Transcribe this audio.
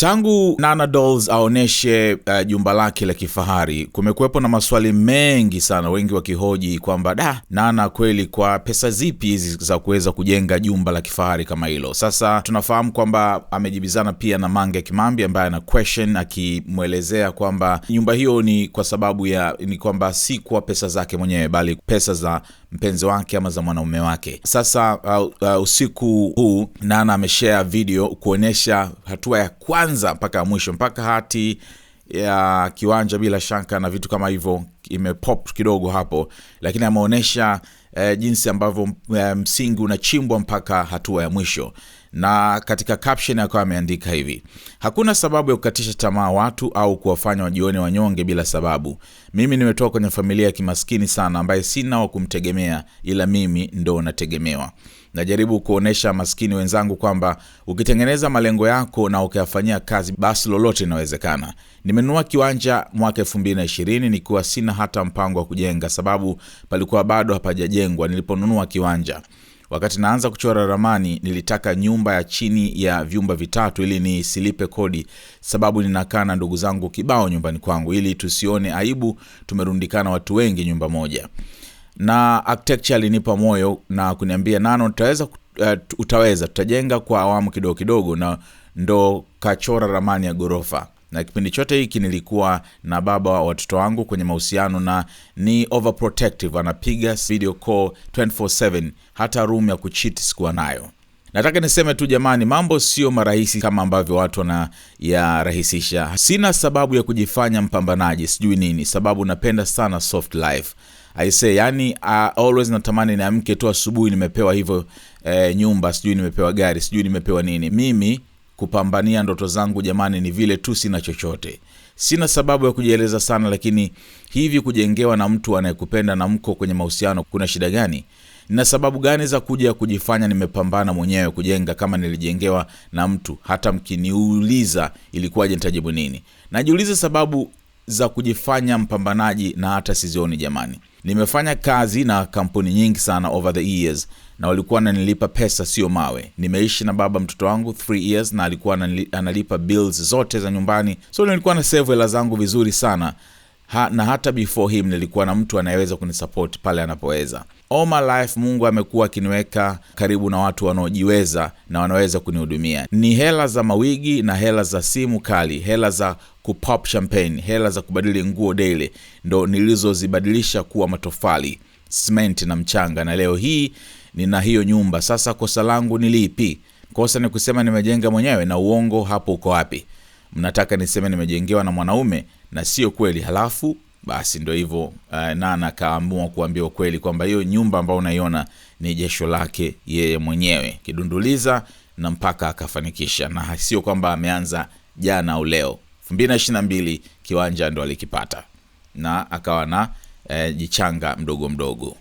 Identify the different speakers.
Speaker 1: Tangu Nana Dolls aoneshe uh, jumba lake la kifahari kumekuwepo na maswali mengi sana, wengi wakihoji kwamba da, Nana kweli kwa pesa zipi hizi za kuweza kujenga jumba la kifahari kama hilo? Sasa tunafahamu kwamba amejibizana pia na Mange Kimambi ambaye ana question akimwelezea kwamba nyumba hiyo ni kwa sababu ya ni kwamba si kwa pesa zake mwenyewe, bali pesa za mpenzi wake ama za mwanaume wake. Sasa uh, uh, usiku huu Nana ameshare video kuonesha hatua ya kwanza kwanza mpaka mwisho, mpaka hati ya kiwanja bila shaka na vitu kama hivyo imepop kidogo hapo, lakini ameonyesha eh, jinsi ambavyo eh, msingi unachimbwa mpaka hatua ya mwisho na katika caption akawa ameandika hivi: hakuna sababu ya kukatisha tamaa watu au kuwafanya wajione wanyonge bila sababu. Mimi nimetoka kwenye familia ya kimaskini sana, ambaye sina wa kumtegemea, ila mimi ndo nategemewa. Najaribu kuonesha maskini wenzangu kwamba ukitengeneza malengo yako na ukiyafanyia kazi, basi lolote inawezekana. Nimenunua kiwanja mwaka 2020 nikiwa sina hata mpango wa kujenga, sababu palikuwa bado hapajajengwa niliponunua kiwanja Wakati naanza kuchora ramani, nilitaka nyumba ya chini ya vyumba vitatu ili nisilipe kodi, sababu ninakaa na ndugu zangu kibao nyumbani kwangu, ili tusione aibu tumerundikana watu wengi nyumba moja. Na architecture alinipa moyo na kuniambia, Nano, tutaweza Uh, utaweza, tutajenga kwa awamu kidogo kidogo, na ndo kachora ramani ya ghorofa na kipindi chote hiki nilikuwa na baba wa watoto wangu kwenye mahusiano, na ni overprotective, anapiga video call 24/7 hata room ya kuchit sikuwa nayo. Nataka niseme tu jamani, mambo sio marahisi kama ambavyo watu wanayarahisisha. Sina sababu ya kujifanya mpambanaji sijui nini, sababu napenda sana soft life aise, yani uh, always natamani niamke tu asubuhi nimepewa hivyo eh, nyumba sijui nimepewa gari sijui nimepewa nini. Mimi kupambania ndoto zangu jamani, ni vile tu sina chochote. Sina sababu ya kujieleza sana, lakini hivi kujengewa na mtu anayekupenda na mko kwenye mahusiano, kuna shida gani? Nina sababu gani za kuja kujifanya nimepambana mwenyewe kujenga kama nilijengewa na mtu? Hata mkiniuliza ilikuwaje, nitajibu nini? Najiuliza sababu za kujifanya mpambanaji na hata sizioni jamani. Nimefanya kazi na kampuni nyingi sana over the years na walikuwa ananilipa pesa, sio mawe. Nimeishi na baba mtoto wangu 3 years na alikuwa analipa bills zote za nyumbani, so nilikuwa na sevu hela zangu vizuri sana ha, na hata before him nilikuwa na mtu anayeweza kunisupport pale anapoweza. All my life Mungu amekuwa akiniweka karibu na watu wanaojiweza na wanaweza kunihudumia. Ni hela za mawigi na hela za simu kali, hela za kupop champagne, hela za kubadili nguo daily ndo nilizozibadilisha kuwa matofali, cement na mchanga, na leo hii nina hiyo nyumba. Sasa kosa langu ni lipi? Kosa ni kusema nimejenga mwenyewe? Na uongo hapo uko wapi? mnataka niseme nimejengewa na mwanaume na sio kweli, halafu basi ndo hivyo uh, Nana akaamua kuambia ukweli kwamba hiyo nyumba ambayo unaiona ni jesho lake yeye mwenyewe kidunduliza, na mpaka akafanikisha, na sio kwamba ameanza jana au leo. 2022 kiwanja ndo alikipata na akawa na eh, jichanga mdogo mdogo.